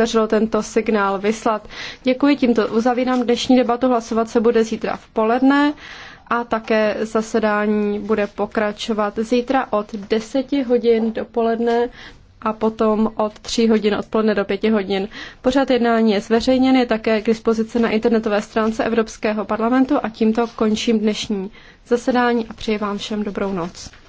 podařilo tento signál vyslat. Děkuji, tímto uzavírám dnešní debatu. Hlasovat se bude zítra v poledne a také zasedání bude pokračovat zítra od 10 hodin do poledne a potom od 3 hodin odpoledne do 5 hodin. Pořád jednání je zveřejněn, je také k dispozici na internetové stránce Evropského parlamentu a tímto končím dnešní zasedání a přeji vám všem dobrou noc.